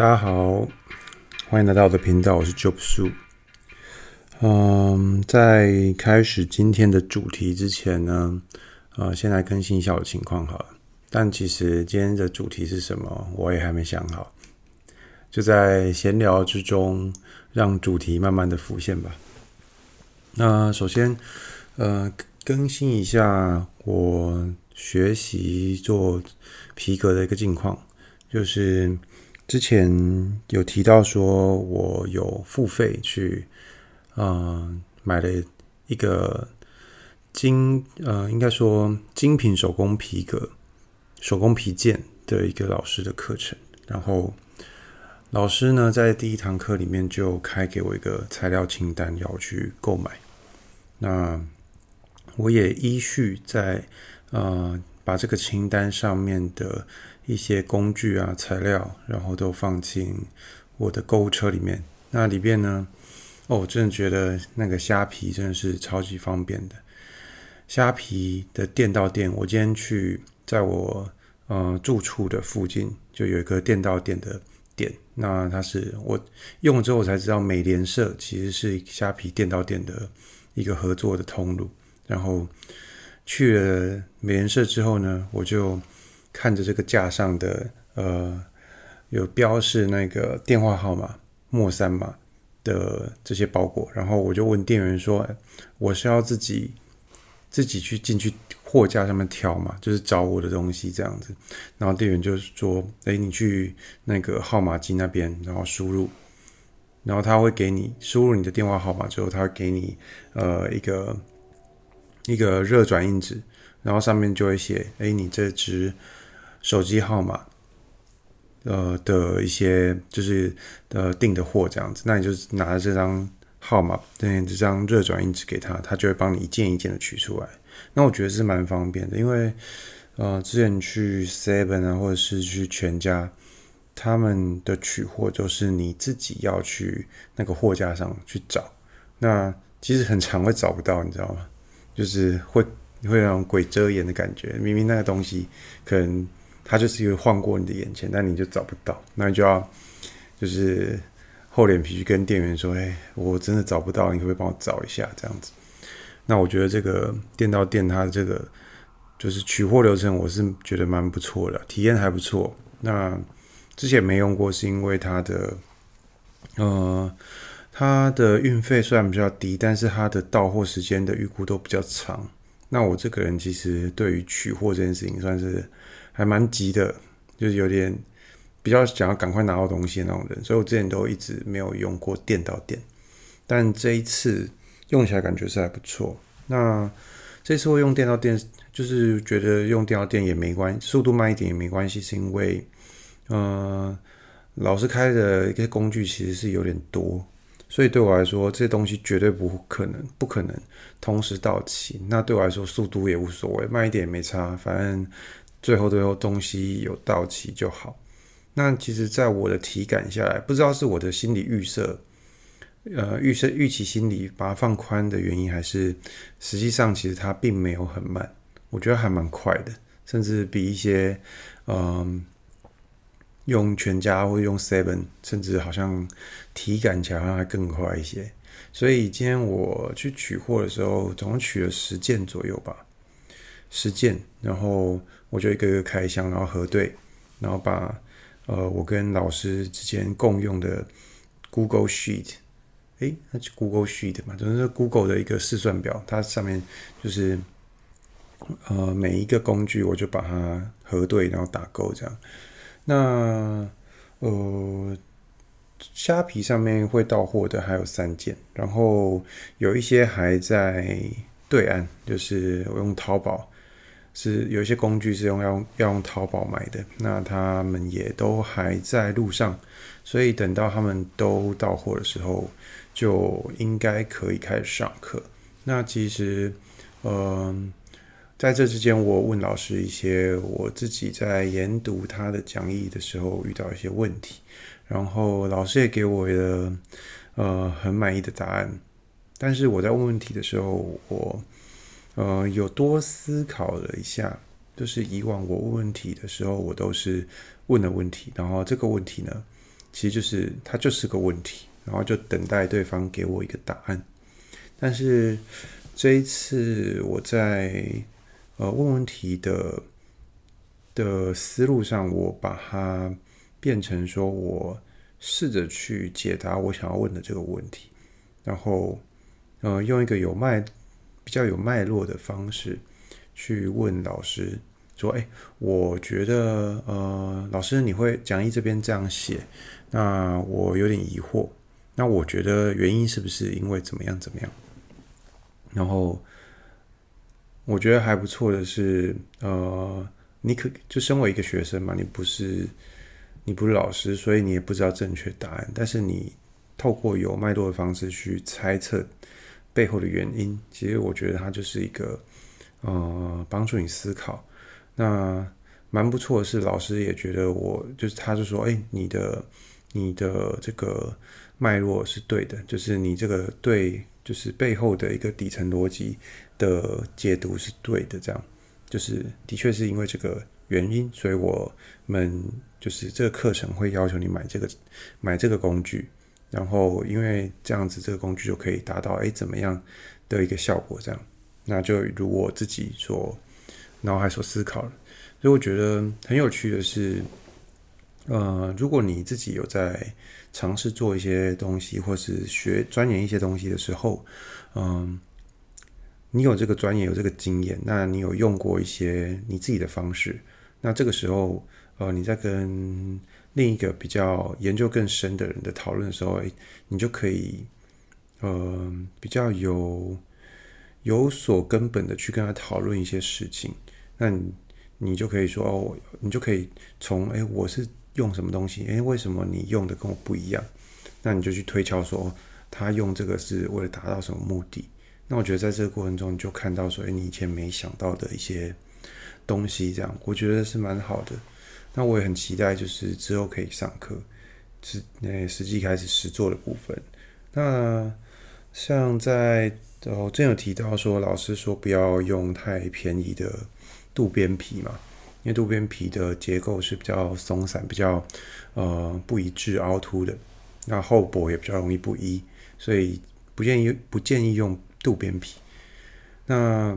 大家好，歡迎來到我的頻道，我是 Job Su。嗯，在開始今天的主題之前呢，呃，先來更新一下我的情況哈，但其實今天的主題是什麼，我也還沒想好。就在閒聊之中，讓主題慢慢的浮現吧。那首先，呃，更新一下我學習做皮革的一個近況，就是。之前有提到說，我有付費去，呃，買了一個精，呃，應該說精品手工皮革，手工皮件的一個老師的課程。然後老師呢，在第一堂課裡面就開給我一個材料清單，要去購買。那我也依序在呃把這個清單上面的。一些工具啊、材料，然後都放進我的購物車裡面。那裡面呢，哦，我真的覺得那個蝦皮真的是超級方便的。蝦皮的店到店，我今天去，在我呃住處的附近就有一個店到店的店。那它是我用了之後我才知道，美廉社其實是蝦皮店到店的一個合作的通路。然後去了美廉社之後呢，我就。看着這個架上的呃，有標示那個電話號碼末三碼的這些包裹，然後我就問店員說：“欸、我是要自己自己去進去貨架上面挑嘛，就是找我的東西這樣子。”然後店員就說：“哎、欸，你去那個號碼機那邊，然後輸入，然後他會給你輸入你的電話號碼之後，他會給你呃一個一個熱轉印紙，然後上面就會寫：哎、欸，你這只。手機號碼，呃的一些就是呃訂的貨這樣子，那你就拿着這張號碼，對，這張熱轉印紙給他，他就會幫你一件一件的取出來。那我覺得是蠻方便的，因為呃之前去 Seven 啊，或者是去全家，他們的取貨就是你自己要去那個貨架上去找，那其實很常會找不到，你知道嗎？就是會會讓鬼遮眼的感覺，明明那個東西可能。他就是因為換過你的眼前，那你就找不到，那你就要就是厚臉皮去跟店員說：“誒、欸，我真的找不到，你可不可以幫我找一下？”這樣子。那我覺得這個店到店，它這個就是取貨流程，我是覺得蠻不錯的，體驗還不錯。那之前沒用過，是因為它的呃，它的運費雖然比較低，但是它的到貨時間的預估都比較長。那我這個人其實對於取貨這件事情算是。還蠻急的，就是有點比較想要趕快拿到東西的那種人，所以我之前都一直沒有用過店到店，但這一次用起來感覺是還不錯。那這次會用店到店，就是覺得用店到店也沒關，速度慢一點也沒關係，是因為嗯、呃，老師開的一些工具其實是有點多，所以對我來說這些東西絕對不可能不可能同時到齊。那對我來說速度也無所謂，慢一點也沒差，反正。最後，最後東西有到齊就好。那其實，在我的體感下來，不知道是我的心理預設，呃，預設預期心理把它放寬的原因，還是實際上其實它並沒有很慢，我覺得還蠻快的，甚至比一些嗯、呃、用全家或用 Seven，甚至好像體感起來好像還更快一些。所以今天我去取貨的時候，總共取了十件左右吧，十件，然後。我就一個個開箱，然後核對，然後把呃我跟老師之間共用的 Google Sheet，哎，那就 Google Sheet 嘛，就是 Google 的一個試算表，它上面就是呃每一個工具，我就把它核對，然後打勾這樣。那呃蝦皮上面會到貨的還有三件，然後有一些還在對岸，就是我用淘寶。是有一些工具是要用要用淘寶買的，那他們也都還在路上，所以等到他們都到貨的時候，就應該可以開始上課。那其實，嗯、呃，在這之間，我問老師一些我自己在研讀他的講義的時候遇到一些問題，然後老師也給我了呃很滿意的答案，但是我在問問題的時候，我。呃，有多思考了一下，就是以往我問問題的時候，我都是問的問題，然後這個問題呢，其實就是它就是個問題，然後就等待對方給我一個答案。但是這一次我在呃問問題的的思路上，我把它變成說我試着去解答我想要問的這個問題，然後呃用一個有賣。比較有脈絡的方式去問老師說：“哎、欸，我覺得呃，老師你會講義這邊這樣寫，那我有點疑惑。那我覺得原因是不是因為怎麼樣怎麼樣？然後我覺得還不錯的是，呃，你可就身為一個學生嘛，你不是你不是老師，所以你也不知道正確答案。但是你透過有脈絡的方式去猜測。”背後的原因，其實我覺得它就是一個，呃，幫助你思考，那蠻不錯的是，老師也覺得我就是，他就說，哎，你的你的這個脈絡是對的，就是你這個對，就是背後的一個底層邏輯的解讀是對的。這樣，就是的確是因為這個原因，所以我們就是這個課程會要求你買這個買這個工具。然後，因為這樣子，這個工具就可以達到誒怎麼樣的一個效果？這樣，那就如我自己說，腦海所思考了。所以我覺得很有趣的是，呃，如果你自己有在嘗試做一些東西，或是學鑽研一些東西的時候，嗯、呃，你有這個專業有這個經驗，那你有用過一些你自己的方式？那這個時候，呃，你在跟另一個比較研究更深的人的討論的時候，哎，你就可以，呃，比較有有所根本的去跟他討論一些事情。那你你就可以說哦，你就可以從哎，我是用什麼東西？哎，為什麼你用的跟我不一樣？那你就去推敲說他用這個是為了達到什麼目的？那我覺得在這個過程中，你就看到說哎，你以前沒想到的一些東西，這樣我覺得是蠻好的。那我也很期待，就是之後可以上課，是，那實際開始實做的部分。那像在哦，真有提到說，老師說不要用太便宜的肚邊皮嘛，因為肚邊皮的結構是比較鬆散，比較呃不一致，凹凸的，那厚薄也比較容易不一，所以不建議不建議用肚邊皮。那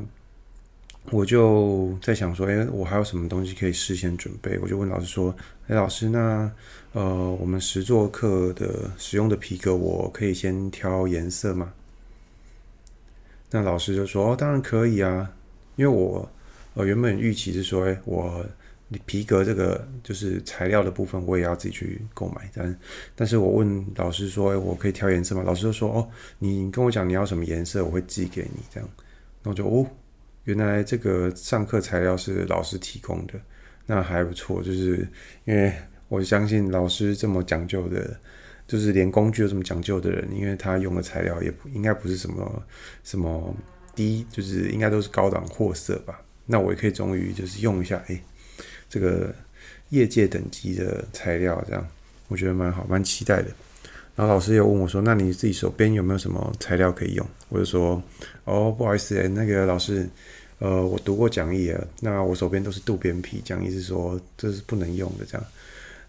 我就在想說，哎，我還有什麼東西可以事先準備？我就問老師說，哎，老師，那呃，我們實作課的使用的皮革，我可以先挑顏色嗎？那老師就說，哦，當然可以啊，因為我呃原本預期是說，哎，我皮革這個就是材料的部分，我也要自己去購買，但是但是我問老師說，哎，我可以挑顏色嗎？老師就說，哦，你跟我講你要什麼顏色，我會寄給你這樣，那我就哦。原來這個上課材料是老師提供的，那還不錯。就是因為我相信老師這麼講究的，就是連工具都這麼講究的人，因為他用的材料也應該不是什麼什麼低，就是應該都是高檔貨色吧。那我也可以終於就是用一下，誒，這個業界等級的材料，這樣我覺得蠻好，蠻期待的。然後老師又問我說：“那你自己手邊有沒有什麼材料可以用？”我就說：“哦，不好意思，誒，那個老師。”呃，我讀過講義啊，那我手邊都是渡邊皮，講義是說這是不能用的這樣。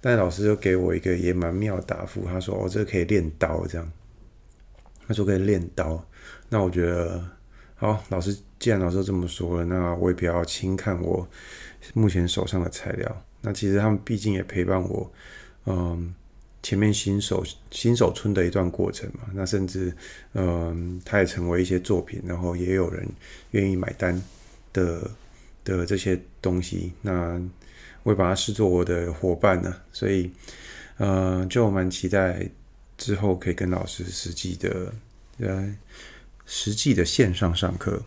但老師又給我一個也蠻妙的答覆，他說哦，這個可以練刀這樣，他說可以練刀。那我覺得，好，老師，既然老師這麼說了，那我也不要輕看我目前手上的材料。那其實他們畢竟也陪伴我，嗯、呃，前面新手新手村的一段過程嘛。那甚至，嗯、呃，他也成為一些作品，然後也有人願意買單。的的這些東西，那我也把它視作我的夥伴呢、啊，所以，呃，就蠻期待之後可以跟老師實際的，呃，實際的線上上課。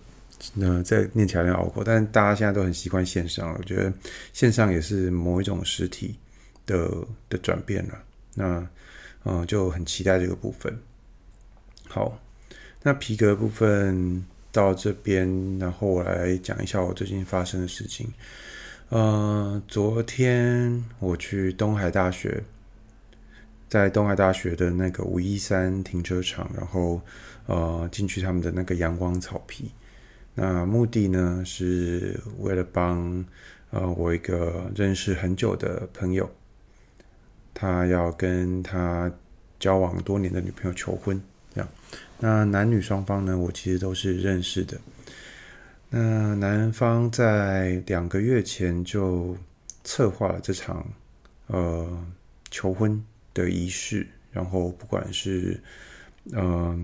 那、呃、再念起來有點拗口，但是大家現在都很習慣線上了，我覺得線上也是某一種實體的的轉變了。那，嗯、呃，就很期待這個部分。好，那皮革部分。到這邊，然後我來講一下我最近發生的事情。呃，昨天我去東海大學，在東海大學的那個五一三停車場，然後呃，進去他們的那個陽光草皮。那目的呢，是為了幫、呃、我一個認識很久的朋友，他要跟他交往多年的女朋友求婚。那男女雙方呢，我其實都是認識的。那男方在兩個月前就策劃了這場呃求婚的儀式，然後不管是嗯、呃、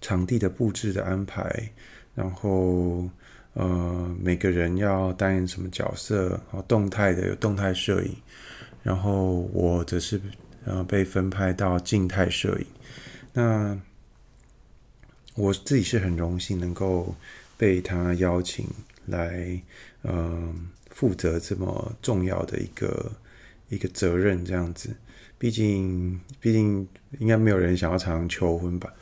場地的佈置的安排，然後呃每個人要擔任什麼角色，然後動態的有動態攝影，然後我則是呃被分派到靜態攝影。那我自己是很榮幸能夠被他邀請來，嗯、呃，負責這麼重要的一個一個責任，這樣子。畢竟，畢竟應該沒有人想要常常求婚吧。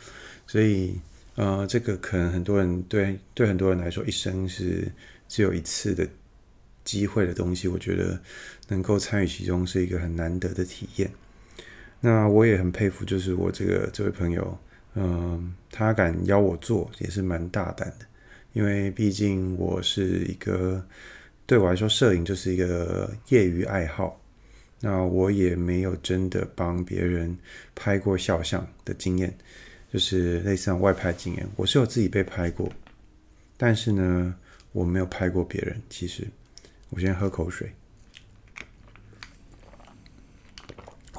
所以，呃，這個可能很多人對對很多人來說，一生是只有一次的機會的東西，我覺得能夠參與其中是一個很難得的體驗。那我也很佩服，就是我這個這位朋友，嗯，他敢邀我做，也是蠻大膽的。因為畢竟我是一個，對我來說，攝影就是一個業餘愛好。那我也沒有真的幫別人拍過肖像的經驗，就是類似像外拍經驗。我是有自己被拍過，但是呢，我沒有拍過別人。其實，我先喝口水。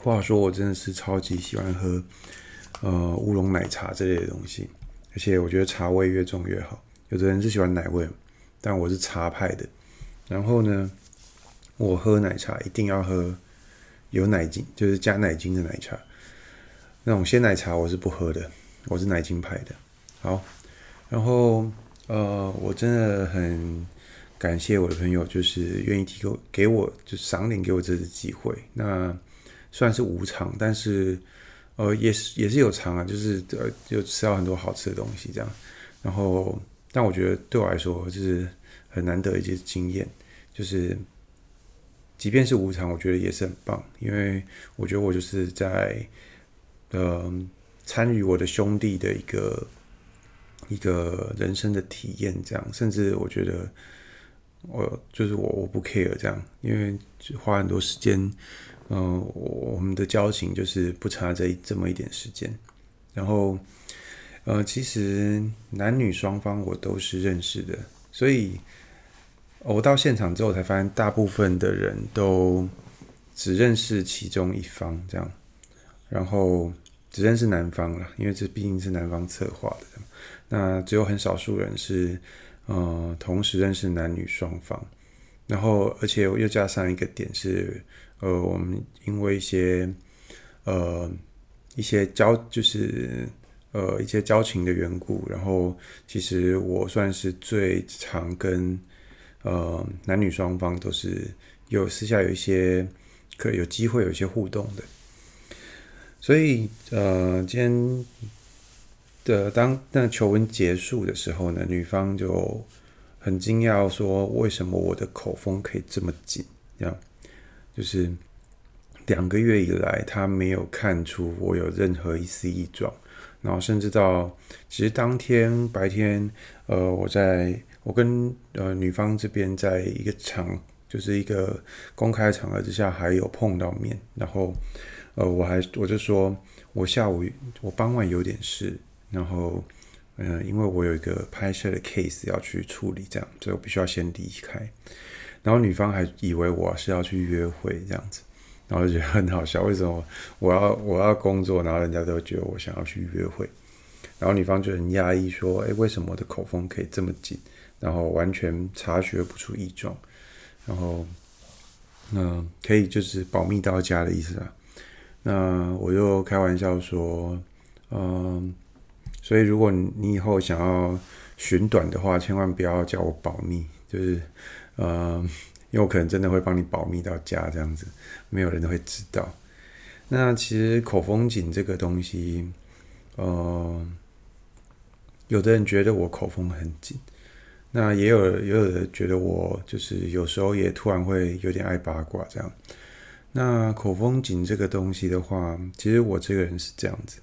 話說我真的是超級喜歡喝，呃，烏龍奶茶這類的東西，而且我覺得茶味越重越好。有的人是喜歡奶味，但我是茶派的。然後呢，我喝奶茶一定要喝有奶精，就是加奶精的奶茶。那種鮮奶茶我是不喝的，我是奶精派的。好，然後呃，我真的很感謝我的朋友，就是願意提供給我，就賞臉給我這次機會。那。雖然是無償，但是，呃，也是也是有償啊，就是呃，就吃到很多好吃的東西，這樣。然後，但我覺得對我來說就是很難得一些經驗，就是，即便是無償，我覺得也是很棒，因為我覺得我就是在，嗯、呃，參與我的兄弟的一個一個人生的體驗，這樣。甚至我覺得我，我就是我，我不 care 這樣，因為花很多時間。嗯、呃，我我們的交情就是不差這這麼一點時間，然後，呃，其實男女雙方我都是認識的，所以、哦、我到現場之後才發現，大部分的人都只認識其中一方，這樣，然後只認識男方了，因為這畢竟是男方策劃的，那只有很少數人是，呃，同時認識男女雙方。然後，而且又加上一個點是，呃，我們因為一些呃一些交，就是呃一些交情的緣故，然後其實我算是最常跟呃男女雙方都是有私下有一些可有機會有一些互動的，所以呃，今天的當那求婚結束的時候呢，女方就。很驚訝，說為什麼我的口風可以這麼緊，這樣就是兩個月以來，他沒有看出我有任何一絲異狀。然後甚至到其實當天白天，呃，我在我跟呃女方這邊在一個場，就是一個公開場合之下，還有碰到面。然後呃，我還我就說，我下午我傍晚有點事，然後。嗯，因為我有一個拍攝的 case 要去處理，這樣，所以我必須要先離開。然後女方還以為我是要去約會這樣子，然後就覺得很好笑。為什麼我要我要工作？然後人家都覺得我想要去約會。然後女方就很訝異說：“哎、欸，為什麼我的口風可以這麼緊？然後完全察覺不出異狀。然後，嗯，可以就是保密到家的意思啊。那我又開玩笑說，嗯。”所以，如果你以後想要尋短的話，千萬不要叫我保密，就是呃，因為我可能真的會幫你保密到家這樣子，沒有人會知道。那其實口風緊這個東西，呃，有的人覺得我口風很緊，那也有也有，有的人覺得我就是有時候也突然會有點愛八卦這樣。那口風緊這個東西的話，其實我這個人是這樣子，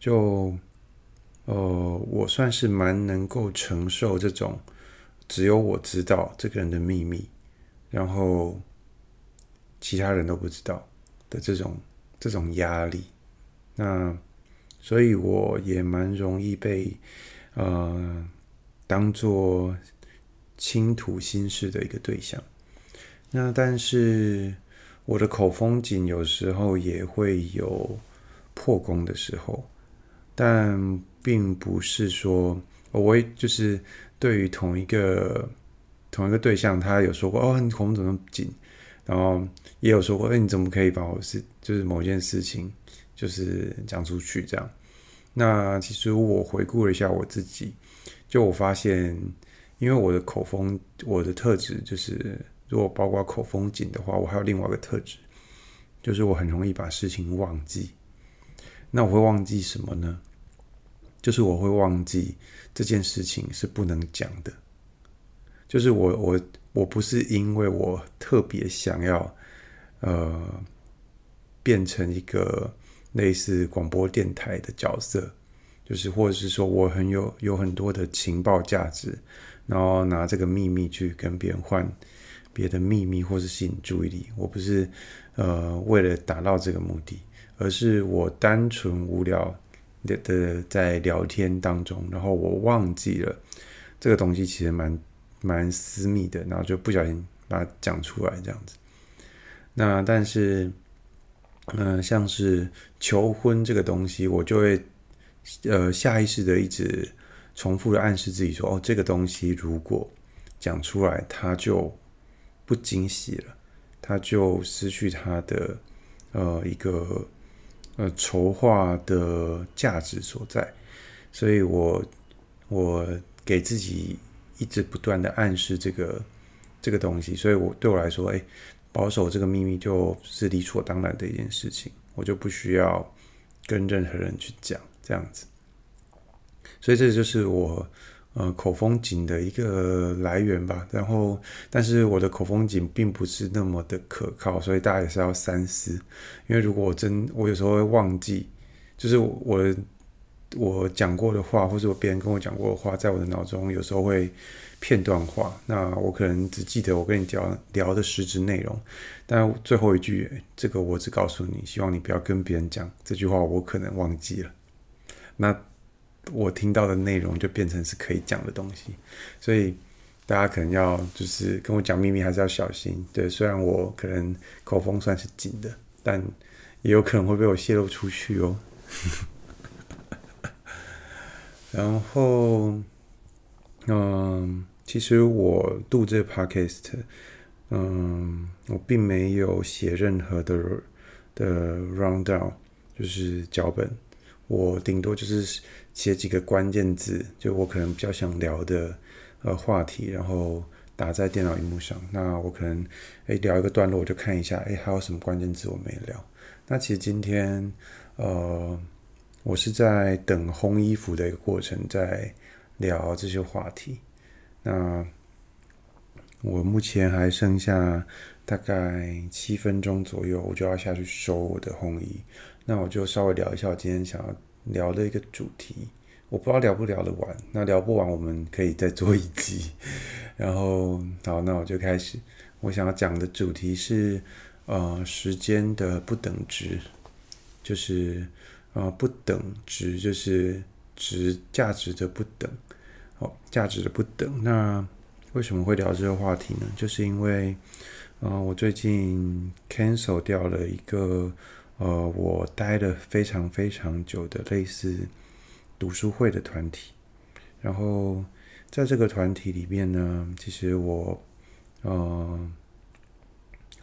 就。呃，我算是蠻能夠承受這種只有我知道這個人的秘密，然後其他人都不知道的這種這種壓力。那所以我也蠻容易被呃當做傾吐心事的一個對象。那但是我的口風緊有時候也會有破功的時候，但。並不是說我就是對於同一個同一個對象，他有說過哦，你口風怎麼那麼緊？然後也有說過，哎、欸，你怎麼可以把我事就是某件事情就是講出去這樣？那其實我回顧了一下我自己，就我發現，因為我的口風，我的特質就是，如果包括口風緊的話，我還有另外一個特質，就是我很容易把事情忘記。那我會忘記什麼呢？就是我會忘記這件事情是不能講的。就是我我我不是因為我特別想要，呃，變成一個類似廣播電臺的角色，就是或者是說我很有有很多的情報價值，然後拿這個祕密去跟別人換別的祕密，或是吸引注意力。我不是呃為了達到這個目的，而是我單純無聊。的在聊天當中，然後我忘記了這個東西其實蠻蠻私密的，然後就不小心把它講出來這樣子。那但是，嗯、呃，像是求婚這個東西，我就會呃下意識的一直重複的暗示自己說，哦，這個東西如果講出來，它就不驚喜了，它就失去它的呃一個。呃，籌劃的價值所在，所以我我給自己一直不斷的暗示這個這個東西，所以我對我來說，哎、欸，保守這個秘密就是理所當然的一件事情，我就不需要跟任何人去講這樣子，所以這就是我。呃、嗯，口風景的一個來源吧，然後，但是我的口風景並不是那麼的可靠，所以大家也是要三思。因為如果我真，我有時候會忘記，就是我我講過的話，或者我別人跟我講過的話，在我的腦中有時候會片段化，那我可能只記得我跟你聊聊的實質內容，但最後一句，這個我只告訴你，希望你不要跟別人講。這句話我可能忘記了。那。我聽到的內容就變成是可以講的東西，所以大家可能要就是跟我講秘密，還是要小心。對，雖然我可能口風算是緊的，但也有可能會被我洩露出去哦。 然後，嗯，其實我度這個 podcast，嗯，我並沒有寫任何的的 rundown，就是腳本，我頂多就是。寫幾個關鍵字，就我可能比較想聊的呃話題，然後打在電腦熒幕上。那我可能誒聊一個段落，我就看一下誒，還有什麼關鍵字我沒聊。那其實今天呃我是在等烘衣服的一個過程，在聊這些話題。那我目前還剩下大概七分鐘左右，我就要下去收我的烘衣。那我就稍微聊一下我今天想要。聊了一個主題，我不知道聊不聊得完。那聊不完，我們可以再做一集。然後，好，那我就開始。我想要講的主題是，呃，時間的不等值，就是，呃，不等值，就是值價值的不等。哦，價值的不等。那為什麼會聊這個話題呢？就是因為，呃，我最近 cancel 掉了一個。呃，我待了非常非常久的類似讀書會的團體，然後在這個團體裡面呢，其實我呃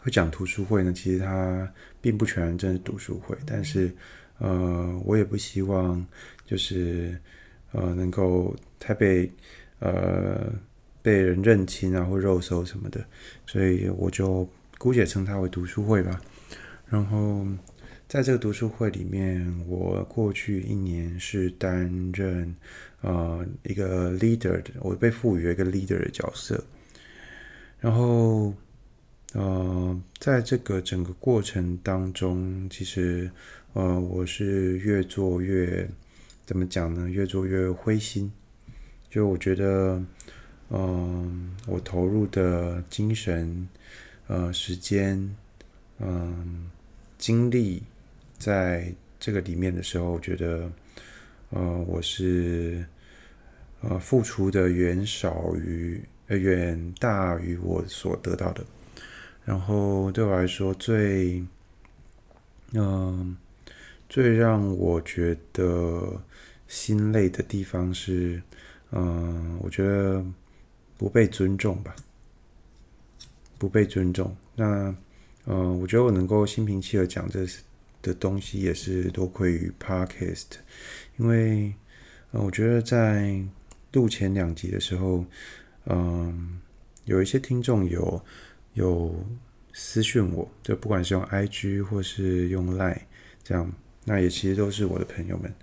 會講讀書會呢，其實它並不全真是讀書會，但是呃，我也不希望就是呃能夠太被呃被人認清啊或肉搜什麼的，所以我就姑且稱它為讀書會吧，然後。在這個讀書會裡面，我過去一年是擔任呃一個 leader 的，我被賦予一個 leader 的角色。然後，呃，在這個整個過程當中，其實呃我是越做越，怎麼講呢？越做越灰心。就我覺得，嗯、呃，我投入的精神、呃時間、嗯、呃、精力。在這個裡面的時候，我覺得，呃，我是，呃，付出的遠少於，遠大於我所得到的。然後對我來說，最，嗯、呃，最讓我覺得心累的地方是，嗯、呃，我覺得不被尊重吧，不被尊重。那，嗯、呃，我覺得我能夠心平氣和講這些。的東西也是多虧於 Podcast 因為，呃，我覺得在錄前兩集的時候，嗯，有一些聽眾有有私訊我，就不管是用 IG 或是用 Line，這樣，那也其實都是我的朋友們，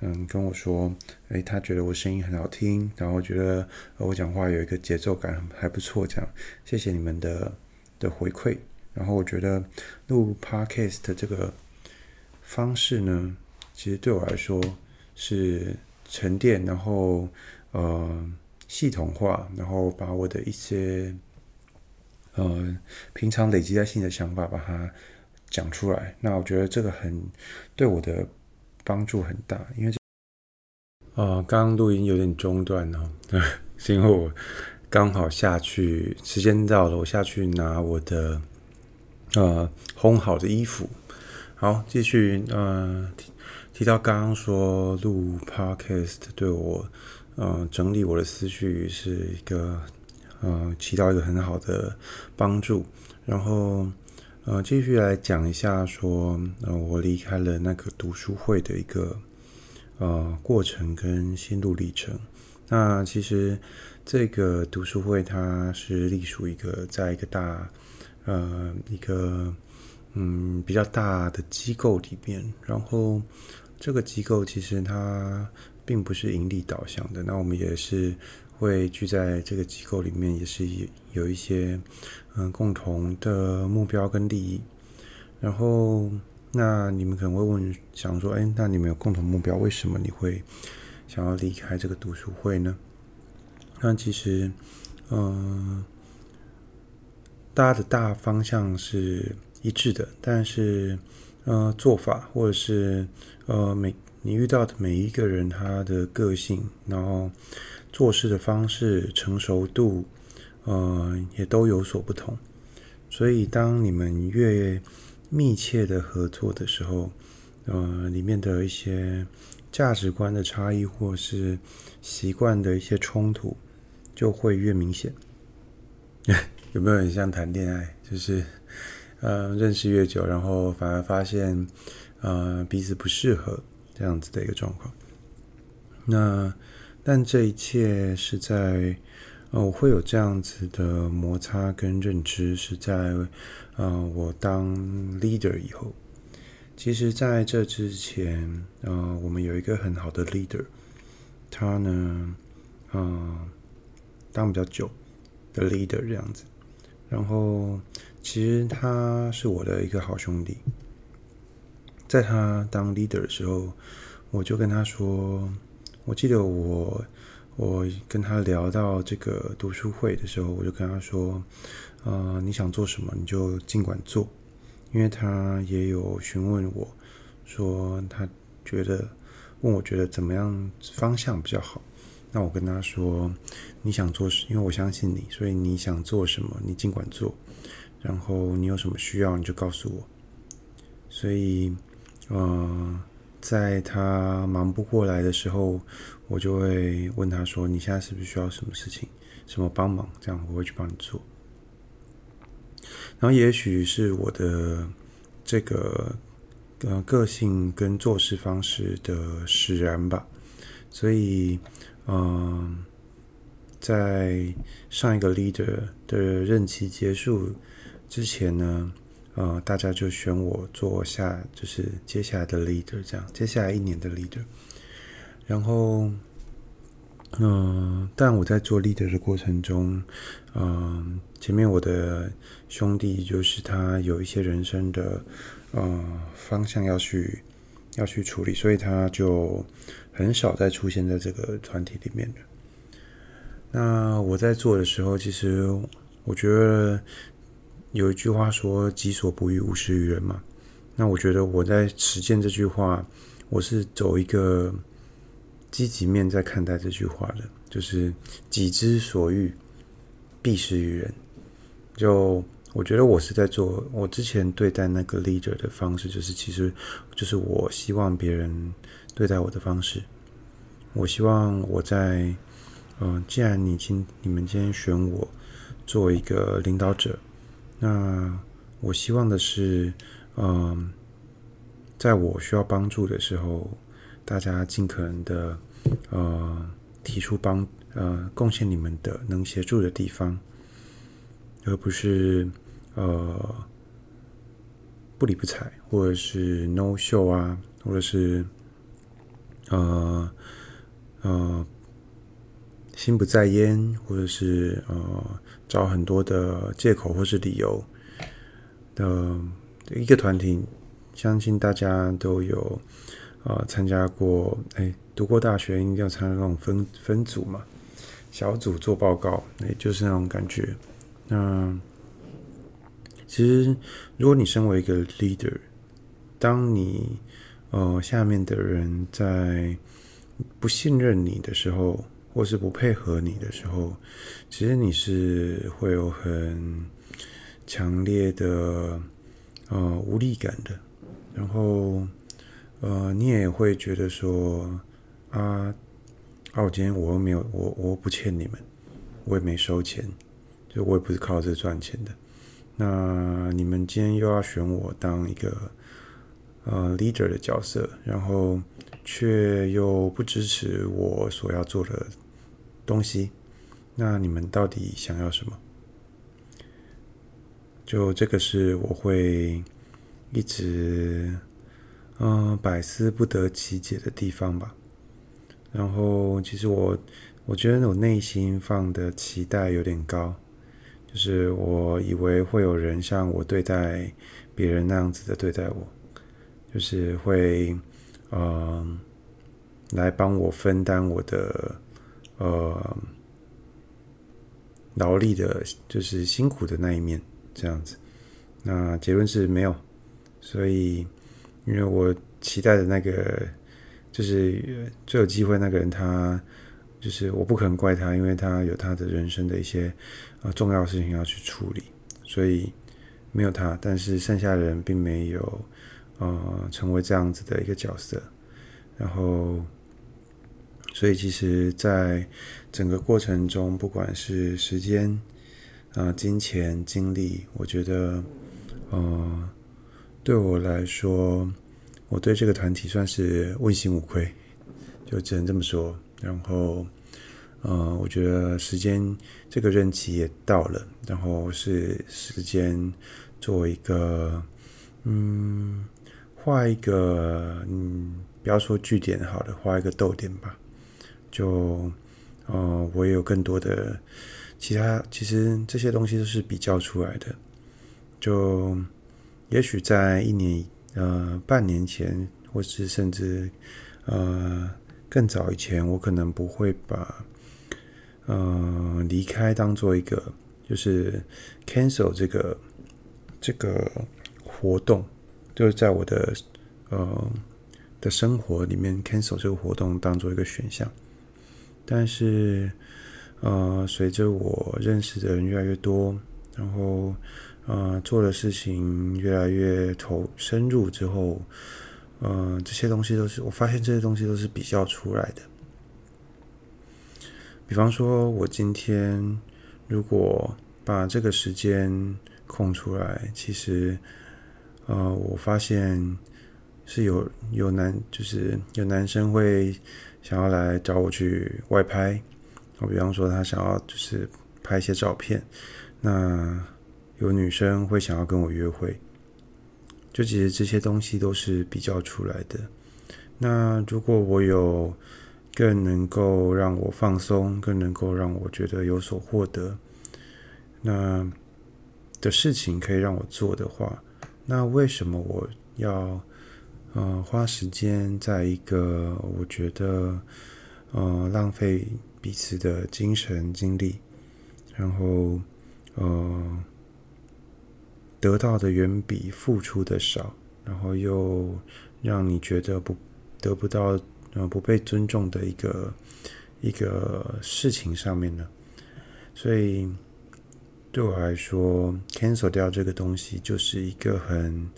嗯，跟我說，誒，他覺得我聲音很好聽，然後覺得我講話有一個節奏感還不錯，這樣，謝謝你們的的回饋。然後我覺得錄 Podcast 這個。方式呢，其實對我來說是沉澱，然後呃系統化，然後把我的一些呃平常累積在心裡的想法把它講出來。那我覺得這個很對我的幫助很大，因為這、呃，剛剛錄音有點中斷哦，是因為我剛好下去時間到了，我下去拿我的呃烘好的衣服。好，繼續呃，提提到剛剛說錄 podcast 對我，呃，整理我的思緒是一個呃，起到一個很好的幫助。然後呃，繼續來講一下說，呃，我離開了那個讀書會的一個呃過程跟心路歷程。那其實這個讀書會它是隸屬一個在一個大呃一個。嗯，比較大的機構裡面，然後這個機構其實它並不是盈利導向的。那我們也是會聚在這個機構裡面，也是有有一些嗯、呃、共同的目標跟利益。然後，那你們可能會問，想說，哎、欸，那你們有共同目標，為什麼你會想要離開這個讀書會呢？那其實，嗯、呃，大家的大方向是。一致的，但是，呃，做法或者是呃每你遇到的每一個人，他的個性，然後做事的方式、成熟度，呃，也都有所不同。所以，當你們越密切的合作的時候，呃，裡面的一些價值觀的差異，或是習慣的一些衝突，就會越明顯。 有沒有很像談戀愛？就是。呃，認識越久，然後反而發現，呃，彼此不適合這樣子的一個狀況。那但這一切是在，呃，我會有這樣子的摩擦跟認知是在，呃，我當 leader 以後。其實，在這之前，呃，我們有一個很好的 leader，他呢，呃，當比較久的 leader 這樣子，然後。其實他是我的一個好兄弟，在他當 leader 的時候，我就跟他說，我記得我我跟他聊到這個讀書會的時候，我就跟他說，呃，你想做什麼你就盡管做，因為他也有詢問我說，他覺得問我覺得怎麼樣方向比較好，那我跟他說，你想做，因為我相信你，所以你想做什麼你盡管做。然後你有什麼需要，你就告訴我。所以，嗯、呃，在他忙不過來的時候，我就會問他說：“你現在是不是需要什麼事情，什麼幫忙？”這樣我會去幫你做。然後，也許是我的這個呃個性跟做事方式的使然吧。所以，嗯、呃，在上一個 leader 的任期結束。之前呢，呃，大家就選我做下，就是接下來的 leader，這樣接下來一年的 leader。然後，嗯、呃，但我在做 leader 的過程中，嗯、呃，前面我的兄弟就是他有一些人生的，嗯、呃，方向要去要去處理，所以他就很少再出現在這個團體裡面的。那我在做的時候，其實我覺得。有一句話說“己所不欲，勿施於人”嘛，那我覺得我在實踐這句話，我是走一個積極面在看待這句話的，就是己之所欲，必施於人。就我覺得我是在做我之前對待那個 leader 的方式，就是其實就是我希望別人對待我的方式。我希望我在，嗯、呃，既然你今你們今天選我作為一個領導者。那我希望的是，嗯、呃，在我需要幫助的時候，大家盡可能的，呃，提出幫呃貢獻你們的能協助的地方，而不是呃不理不睬，或者是 no show 啊，或者是呃呃。呃心不在焉，或者是呃找很多的借口或是理由的一個團體，相信大家都有呃參加過。哎，讀過大學，一定要參加那種分分組嘛，小組做報告，哎，就是那種感覺。那其實，如果你身為一個 leader，當你呃下面的人在不信任你的時候，或是不配合你的時候，其實你是會有很強烈的呃無力感的。然後呃，你也會覺得說啊，哦，啊，我今天我又沒有，我我不欠你們，我也沒收錢，就我也不是靠這賺錢的。那你們今天又要選我當一個呃 leader 的角色，然後卻又不支持我所要做的。東西，那你們到底想要什麼？就這個是我會一直嗯、呃、百思不得其解的地方吧。然後，其實我我覺得我內心放的期待有點高，就是我以為會有人像我對待別人那樣子的對待我，就是會嗯、呃、來幫我分擔我的。呃，勞力的，就是辛苦的那一面，這樣子。那結論是沒有，所以，因為我期待的那個，就是最有機會那個人他，他就是我不可能怪他，因為他有他的人生的一些重要事情要去處理，所以沒有他。但是剩下的人並沒有，呃，成為這樣子的一個角色，然後。所以其實，在整個過程中，不管是時間、啊、呃、金錢、精力，我覺得，嗯、呃，對我來說，我對這個團體算是問心無愧，就只能這麼說。然後，呃、我覺得時間這個任期也到了，然後是時間作為一個，嗯，畫一個，嗯，不要說句點好了，畫一個逗點吧。就，呃，我也有更多的其他，其實這些東西都是比較出來的。就，也許在一年呃半年前，或是甚至呃更早以前，我可能不會把呃離開當做一個，就是 cancel 這個這個活動，就是在我的呃的生活裡面 cancel 這個活動當做一個選項。但是，呃，隨着我認識的人越來越多，然後，呃，做的事情越來越投深入之後，呃，這些東西都是我發現這些東西都是比較出來的。比方說，我今天如果把這個時間空出來，其實，呃，我發現是有有男，就是有男生會。想要來找我去外拍，我比方說他想要就是拍一些照片，那有女生會想要跟我約會，就其實這些東西都是比較出來的。那如果我有更能夠讓我放鬆、更能夠讓我覺得有所獲得，那的事情可以讓我做的話，那為什麼我要？呃，花時間在一個我覺得呃浪費彼此的精神精力，然後呃得到的遠比付出的少，然後又讓你覺得不得不到呃不被尊重的一個一個事情上面呢，所以對我來說，cancel 掉這個東西就是一個很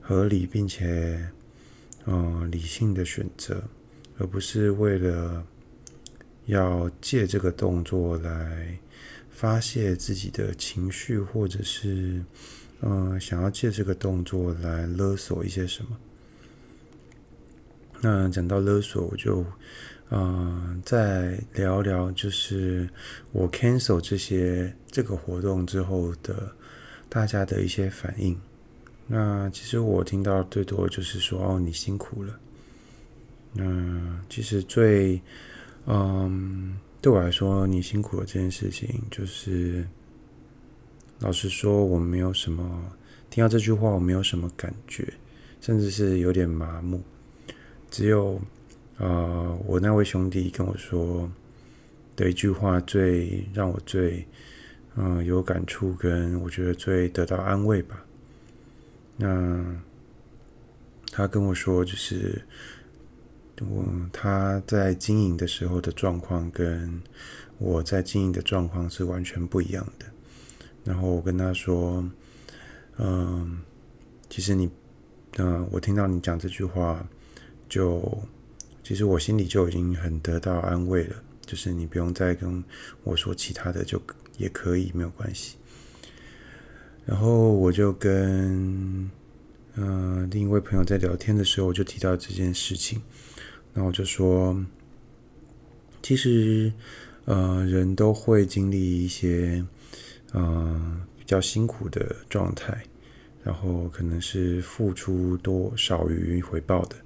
合理並且。嗯，理性的選擇，而不是為了要借這個動作來發洩自己的情緒，或者是嗯，想要借這個動作來勒索一些什麼。那講到勒索，我就嗯，再聊聊，就是我 cancel 這些這個活動之後的大家的一些反應。那其實我聽到最多就是說哦，你辛苦了。那、嗯、其實最嗯，對我來說，你辛苦了這件事情，就是老實說，我沒有什麼聽到這句話，我沒有什麼感覺，甚至是有點麻木。只有啊、呃，我那位兄弟跟我說的一句話，最讓我最嗯有感觸，跟我覺得最得到安慰吧。那他跟我說，就是我他在經營的時候的狀況，跟我在經營的狀況是完全不一樣的。然後我跟他說：“嗯，其實你，嗯，我聽到你講這句話，就其實我心裡就已經很得到安慰了。就是你不用再跟我說其他的，就也可以，沒有關係。”然後我就跟嗯、呃、另一位朋友在聊天的時候，我就提到這件事情。那我就說，其實呃人都會經歷一些嗯、呃、比較辛苦的狀態，然後可能是付出多少於回報的。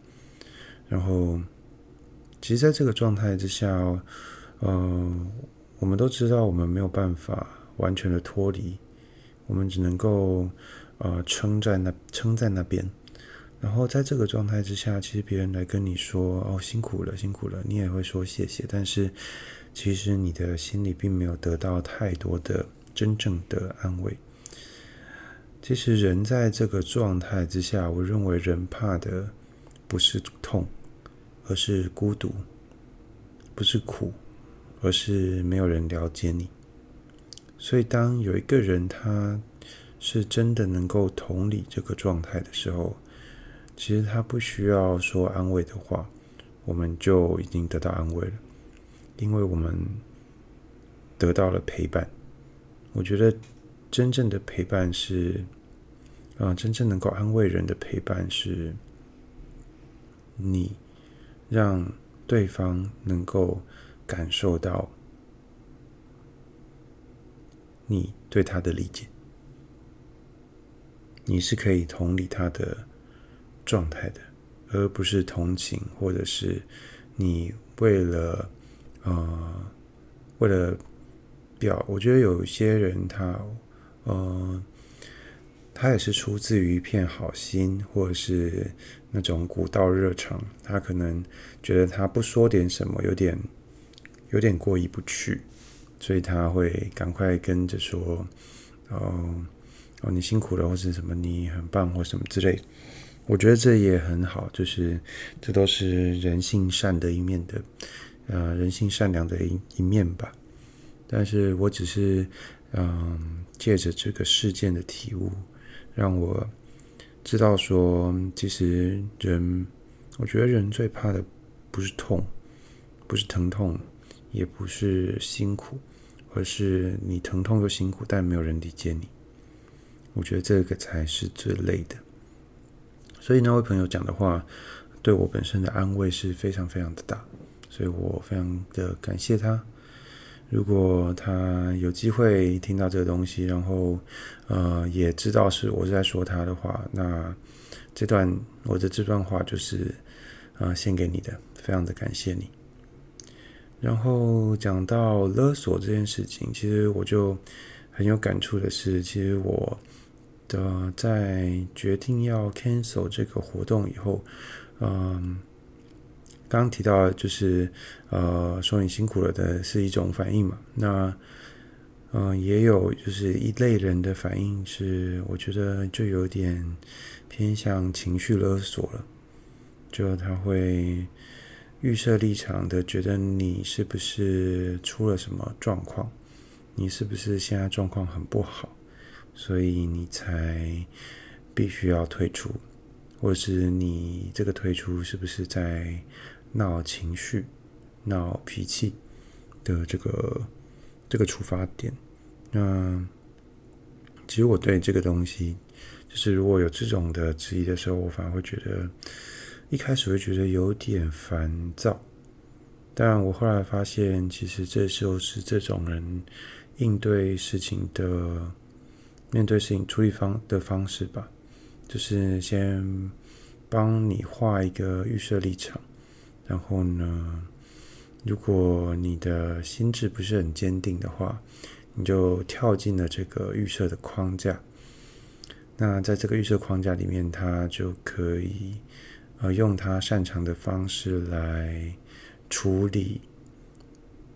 然後，其實，在這個狀態之下，呃，我們都知道，我們沒有辦法完全的脫離。我們只能夠，呃，撐在那，撐在那邊，然後在這個狀態之下，其實別人來跟你說，哦，辛苦了，辛苦了，你也會說謝謝，但是其實你的心裡並沒有得到太多的真正的安慰。其實人在這個狀態之下，我認為人怕的不是痛，而是孤獨，不是苦，而是沒有人了解你。所以，當有一個人他是真的能夠同理這個狀態的時候，其實他不需要說安慰的話，我們就已經得到安慰了，因為我們得到了陪伴。我覺得真正的陪伴是，啊，真正能夠安慰人的陪伴是，你讓對方能夠感受到。你對他的理解，你是可以同理他的狀態的，而不是同情，或者是你為了呃為了表，我覺得有些人他呃他也是出自於一片好心，或者是那種古道熱腸，他可能覺得他不說點什麼，有點有點過意不去。所以他會趕快跟着說，哦哦，你辛苦了，或是什麼你很棒，或什麼之類。我覺得這也很好，就是這都是人性善的一面的，呃，人性善良的一一面吧。但是我只是嗯、呃，借着這個事件的體悟，讓我知道說，其實人，我覺得人最怕的不是痛，不是疼痛，也不是辛苦，而是你疼痛又辛苦，但沒有人理解你。我覺得這個才是最累的。所以那位朋友講的話，對我本身的安慰是非常非常的大，所以我非常的感謝他。如果他有機會聽到這個東西，然後呃也知道是我是在說他的話，那這段我的這段話就是啊，呃，獻給你的，非常的感謝你。然後講到勒索這件事情，其實我就很有感觸的是，其實我的在決定要 cancel 這個活動以後，嗯、呃，剛提到就是呃說你辛苦了的是一種反應嘛，那嗯、呃、也有就是一類人的反應是，我覺得就有點偏向情緒勒索了，就他會。預設立場的，覺得你是不是出了什麼狀況？你是不是現在狀況很不好，所以你才必須要退出？或者是你這個退出是不是在鬧情緒、鬧脾氣的這個這個出發點？那其實我對這個東西，就是如果有這種的質疑的時候，我反而會覺得。一開始會覺得有點煩躁，但我後來發現，其實這就是這種人應對事情的面對事情處理方的方式吧。就是先幫你畫一個預設立場，然後呢，如果你的心智不是很堅定的話，你就跳進了這個預設的框架。那在這個預設框架裡面，它就可以。呃、用他擅長的方式來處理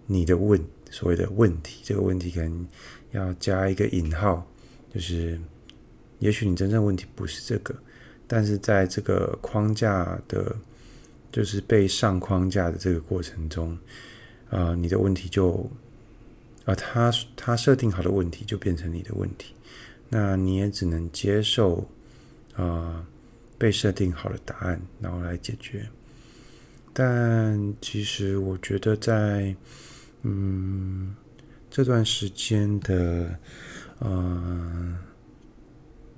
你的問，所謂的問題。這個問題可能要加一個引號，就是也許你真正問題不是這個，但是在這個框架的，就是被上框架的這個過程中，啊、呃，你的問題就啊、呃，他他設定好的問題就變成你的問題，那你也只能接受啊。呃被設定好的答案，然後來解決。但其實我覺得在，在嗯這段時間的呃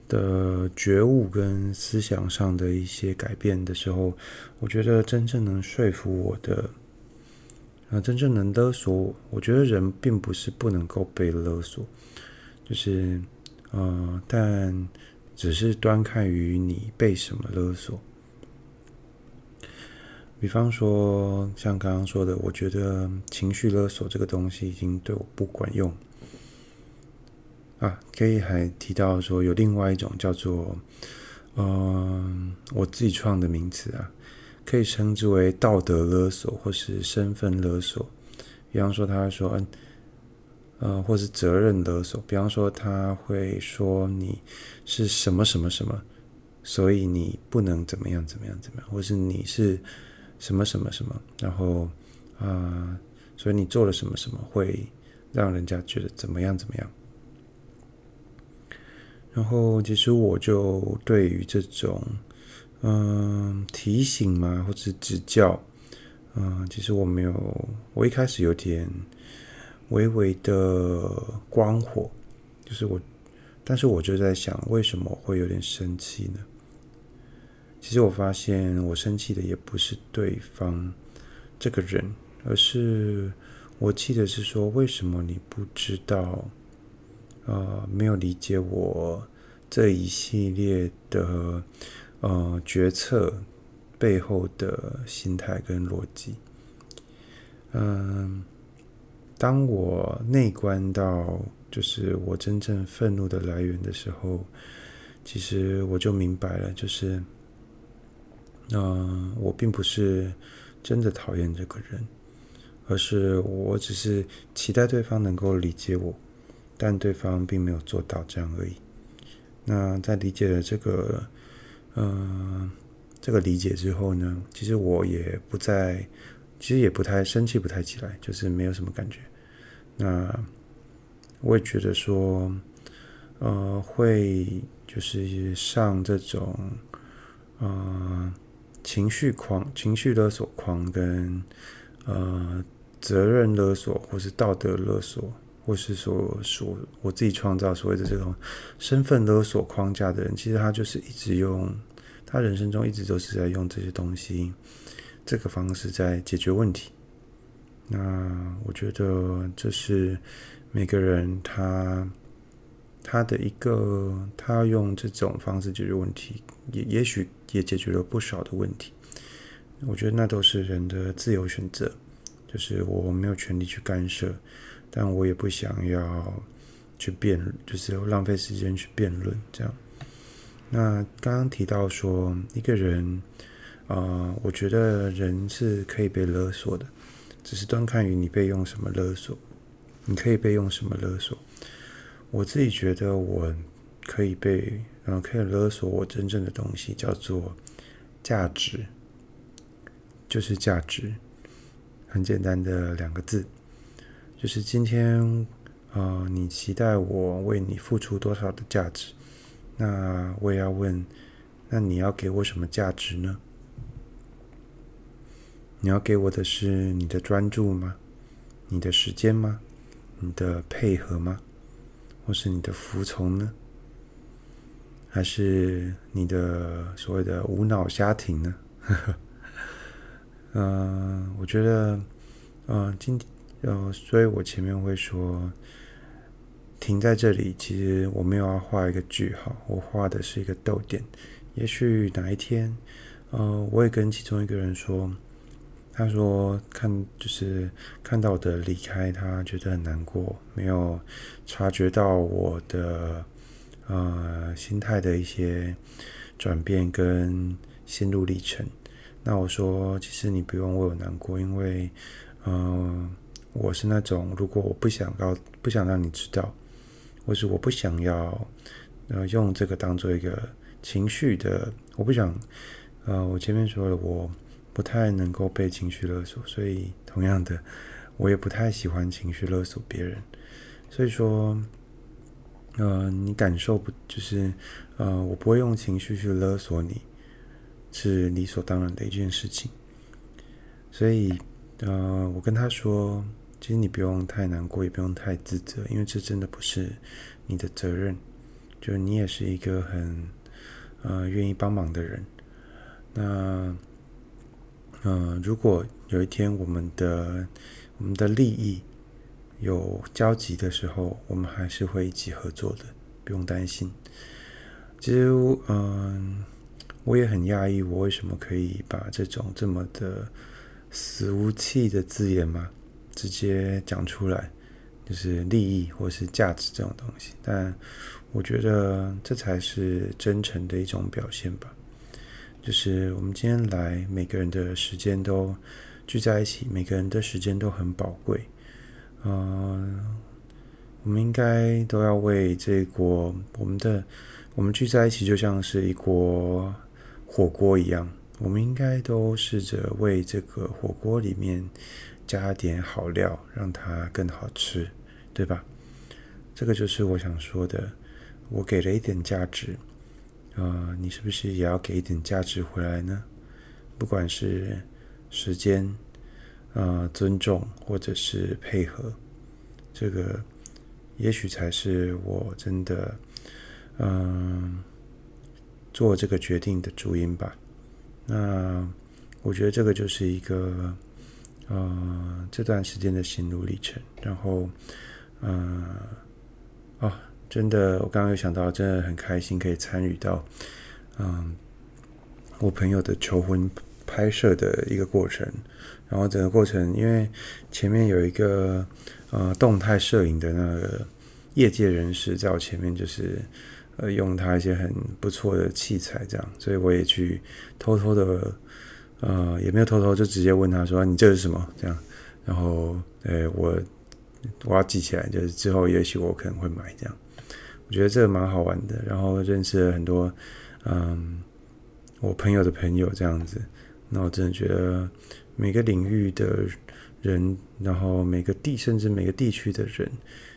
的覺悟跟思想上的一些改變的時候，我覺得真正能說服我的，啊、呃，真正能勒索我，我覺得人並不是不能夠被勒索，就是啊、呃，但。只是端看於你被什麼勒索，比方說像剛剛說的，我覺得情緒勒索這個東西已經對我不管用啊。可以還提到說有另外一種叫做，呃，我自己創的名詞啊，可以稱之為道德勒索或是身份勒索。比方說他說。嗯呃，或是責任勒索，比方說他會說你是什麼什麼什麼，所以你不能怎麼樣怎麼樣怎麼樣，或是你是什麼什麼什麼，然後啊、呃，所以你做了什麼什麼會讓人家覺得怎麼樣怎麼樣。然後其實我就對於這種嗯、呃、提醒嘛，或是指教嗯、呃，其實我沒有，我一開始有點。微微的光火，就是我，但是我就在想，為什麼會有點生氣呢？其實我發現，我生氣的也不是對方這個人，而是我氣的是說，為什麼你不知道，呃，沒有理解我這一系列的呃決策背後的心態跟邏輯，嗯、呃。當我內觀到就是我真正憤怒的來源的時候，其實我就明白了，就是，嗯、呃，我並不是真的討厭這個人，而是我只是期待對方能夠理解我，但對方並沒有做到這樣而已。那在理解了這個，呃，這個理解之後呢，其實我也不再。其實也不太生氣，不太起來，就是沒有什麼感覺。那我也覺得說，呃，會就是上這種，呃，情緒狂、情緒勒索狂跟，跟呃責任勒索，或是道德勒索，或是說所，所我自己創造所謂的這種身份勒索框架的人，其實他就是一直用，他人生中一直都是在用這些東西。這個方式在解決問題，那我覺得這是每個人他他的一個他用這種方式解決問題，也也許也解決了不少的問題。我覺得那都是人的自由選擇，就是我沒有權利去干涉，但我也不想要去辯，就是浪費時間去辯論這樣。那剛剛提到說一個人。啊、呃，我覺得人是可以被勒索的，只是端看於你被用什麼勒索，你可以被用什麼勒索。我自己覺得我可以被，嗯、呃，可以勒索我真正的東西叫做價值，就是價值，很簡單的兩個字，就是今天，呃，你期待我為你付出多少的價值，那我也要問，那你要給我什麼價值呢？你要給我的是你的專注嗎？你的時間嗎？你的配合嗎？或是你的服從呢？還是你的所謂的無腦瞎停呢？嗯、 呃，我覺得，呃，今天呃，所以我前面會說停在這裡，其實我沒有要畫一個句號，我畫的是一個逗點。也許哪一天，呃，我也跟其中一個人說。他說：“看，就是看到我的離開，他覺得很難過，沒有察覺到我的呃心態的一些轉變跟心路歷程。”那我說：“其實你不用為我難過，因為嗯、呃，我是那種如果我不想要不想讓你知道，或是我不想要呃用這個當做一個情緒的，我不想呃，我前面說了我。”不太能夠被情緒勒索，所以同樣的，我也不太喜歡情緒勒索別人。所以說，呃，你感受不就是呃，我不會用情緒去勒索你，是理所當然的一件事情。所以呃，我跟他說，其實你不用太難過，也不用太自責，因為這真的不是你的責任。就你也是一個很呃願意幫忙的人，那。嗯，如果有一天我們的我們的利益有交集的時候，我們還是會一起合作的，不用擔心。其實，嗯，我也很訝異，我為什麼可以把這種這麼的俗氣的字眼嘛，直接講出來，就是利益或是價值這種東西。但我覺得這才是真誠的一種表現吧。就是我們今天來，每個人的時間都聚在一起，每個人的時間都很寶貴。嗯、呃，我們應該都要為這一鍋我們的，我們聚在一起就像是一鍋火鍋一樣，我們應該都試着為這個火鍋裡面加點好料，讓它更好吃，對吧？這個就是我想說的，我給了一點價值。呃，你是不是也要給一點價值回來呢？不管是時間，呃，尊重，或者是配合，這個也許才是我真的，嗯、呃，做這個決定的主因吧。那我覺得這個就是一個，呃，這段時間的心路歷程。然後，嗯、呃，啊、哦。真的，我剛剛有想到，真的很開心可以參與到，嗯，我朋友的求婚拍攝的一個過程。然後整個過程，因為前面有一個呃動態攝影的那個業界人士在我前面，就是呃用他一些很不錯的器材這樣，所以我也去偷偷的，呃，也沒有偷偷，就直接問他說：“你這是什麼？”這樣，然後呃，我我要記起來，就是之後也許我可能會買這樣。我覺得這個蠻好玩的，然後認識了很多，嗯，我朋友的朋友這樣子，那我真的覺得每個領域的人，然後每個地，甚至每個地區的人，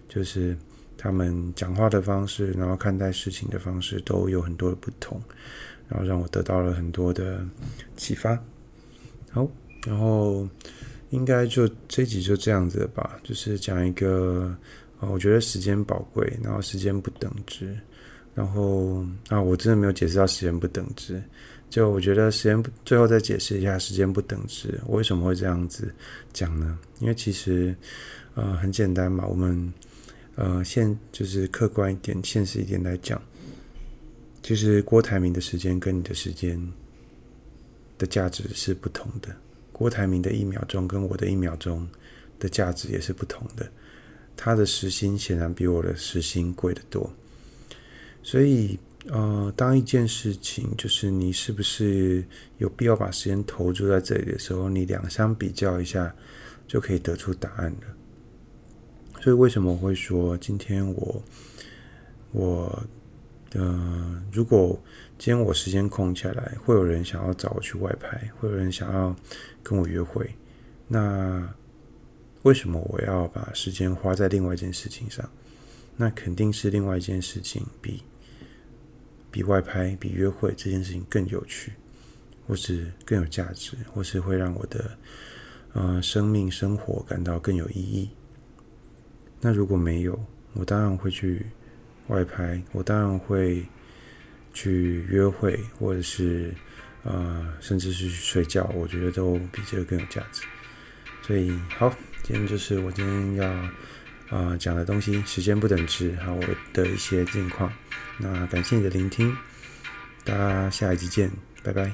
就是他們講話的方式，然後看待事情的方式都有很多的不同，然後讓我得到了很多的啟發。好，然後應該就這集就這樣子吧，就是講一個。我覺得時間寶貴，然後時間不等值，然後啊，我真的沒有解釋到時間不等值。就我覺得時間不，最後再解釋一下時間不等值，我為什麼會這樣子講呢？因為其實呃很簡單嘛，我們呃現就是客觀一點、現實一點來講，其實郭台銘的時間跟你的時間的價值是不同的。郭台銘的一秒鐘跟我的一秒鐘的價值也是不同的。他的時薪顯然比我的時薪貴得多，所以呃，當一件事情就是你是不是有必要把時間投注在這裡的時候，你兩相比較一下就可以得出答案了。所以為什麼會說今天我我呃，如果今天我時間空下來，會有人想要找我去外拍，會有人想要跟我約會，那。為什麼我要把時間花在另外一件事情上？那肯定是另外一件事情比比外拍、比約會這件事情更有趣，或是更有價值，或是會讓我的呃生命生活感到更有意義。那如果沒有，我當然會去外拍，我當然會去約會，或者是啊、呃，甚至是去睡覺。我覺得都比這個更有價值。所以好。今天就是我今天要啊、呃、講的東西，時間不等值，還有我的一些近況。那感謝你的聆聽，大家下一集見，拜拜。